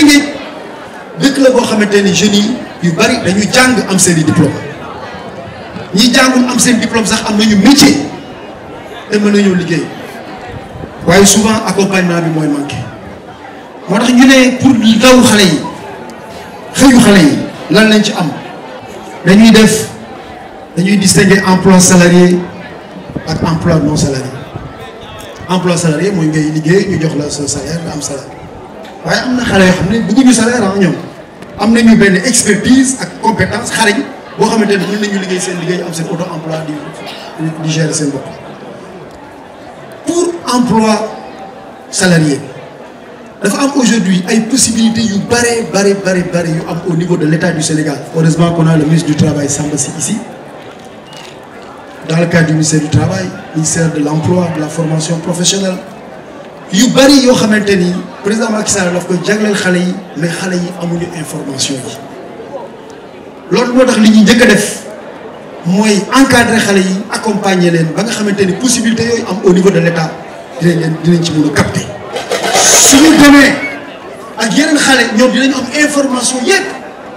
tëngéej dëkk la boo xamante ni jeunes yi yu bari dañu jàng am seen i diplôme ñi jàngul am seen diplôme sax am nañu métier te mën nañoo liggéey waaye souvent accompagnement bi mooy manqué moo ñu ne pour daw xale yi xëyu xale yi lan lañ ci am dañuy def dañuy distinguer emploi salarié ak emploi non salarié emploi salarié mooy ngay liggéey ñu jox la sa salaire am salaire waaye am na xale yoo xam ne bëgguñu salaire ah ñoom am nañu benn expertise ak compétence xarañ boo xamante ne mën nañu liggéey seen liggéey am seen auto emploi di di gérer seen bopp pour emploi salarié dafa am aujourd'hui ay possibilités yu bare bare bare bare yu am au niveau de l'État du Sénégal heureusement qu'on a le ministre du travail Samba ici dans le cadre du ministère du travail ministère de l'emploi de la formation professionnelle yu bari yoo xamante ni président Macky Sall daf ko jagleel xale yi mais xale yi amuñu information yi loolu moo tax li ñuy njëkk a def mooy encadrer xale yi accompagner leen ba nga xamante ni possibilité yooyu am au niveau de l' état dinañ leen dinañ ci mën a capter suñu demee ak yeneen xale ñoom dinañu am information yépp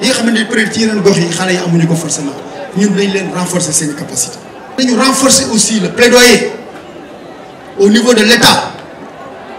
yi nga xamante ni peut être ci yeneen gox yi xale yi amuñu ko forcément ñun dañ leen renforcer seen capacité. dañu renforcer aussi le plaidoyer au niveau de l' état.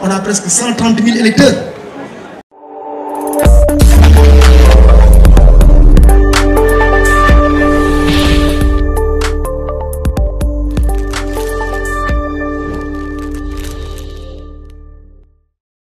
on a presque 130 000 électeurs.